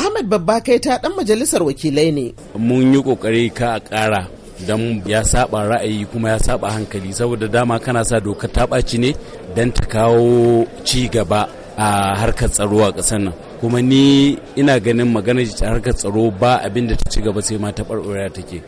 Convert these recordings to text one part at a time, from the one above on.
Ahmad Babba kai ta dan majalisar wakilai ne. Mun yi kokari ka a ƙara don ya saba ra'ayi kuma ya saba hankali saboda dama kana sa doka ta ɓaci ne don ta kawo ci gaba a harkar tsaro a ƙasar nan kuma ni ina ganin maganar harkar tsaro ba abin da ta ci gaba sai ma ta ɓarɓara take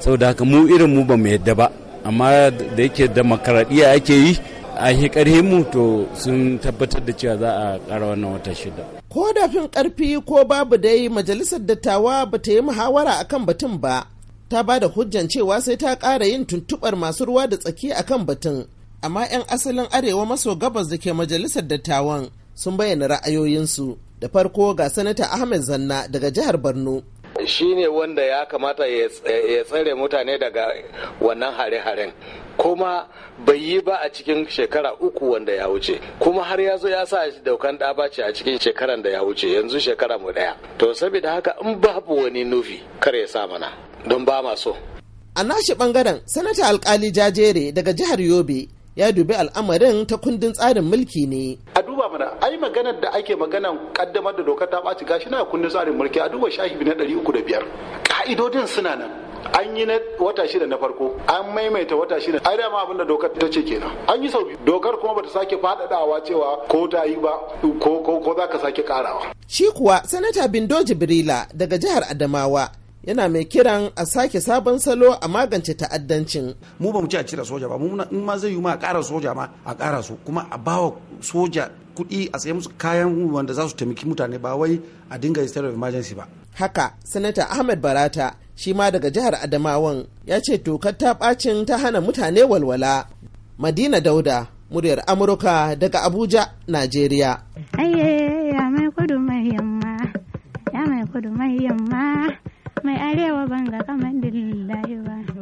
saboda haka mu irin mu ba mu yadda ba amma da yake da makaradiya ake yi a hikarhe mu to sun tabbatar da cewa za a ƙara wannan wata shida. Ko Zafin ƙarfi ko babu dai majalisar dattawa ba ta yi muhawara akan batun ba, ta ba da hujjan cewa sai ta ƙara yin tuntuɓar masu ruwa da tsaki akan batun. Amma 'yan asalin arewa maso gabas da ke majalisar dattawan sun bayyana ra'ayoyinsu. Da farko ga Sanata Ahmed Zanna daga jihar Borno. Shi ne wanda ya kamata ya tsare mutane daga wannan hare-haren. kuma bai yi ba a cikin shekara uku wanda ya wuce kuma har ya zo ya sa daukan da ce a cikin shekaran da ya wuce yanzu shekara mu ɗaya to saboda haka in babu wani nufi kar ya sa mana don ba ma so a nashi bangaren sanata alkali jajere daga jihar yobe ya dubi al'amarin ta kundin tsarin mulki ne. A duba mana ai maganar da ake maganan kaddamar da dokar ta ɓaci gashi na kundin tsarin mulki a duba shahibi na ɗari uku da biyar. Ka'idodin suna nan. an yi na wata shida na farko an maimaita wata shida ai ma abinda dokar ta ce kenan an yi sau biyu dokar kuma bata sake faɗaɗawa cewa ko ta yi ba ko ko ko za ka sake karawa shi kuwa sanata bindo jibrila daga jihar adamawa yana mai kiran a sake sabon salo a magance ta'addancin. Mu ba mu ci a cire soja ba, mu in ma zai yi ma a ƙara soja ma a ƙara su kuma a bawa soja kuɗi a sayi musu kayan wanda za su taimaki mutane ba wai a dinga state of emergency ba. Haka, Sanata Ahmed Barata shi ma daga jihar Adamawan ya ce tokar ta ɓacin ta hana mutane walwala. Madina Dauda, muryar Amurka daga Abuja, Najeriya. ya mai mai yamma, mai arewa banga kamar ba.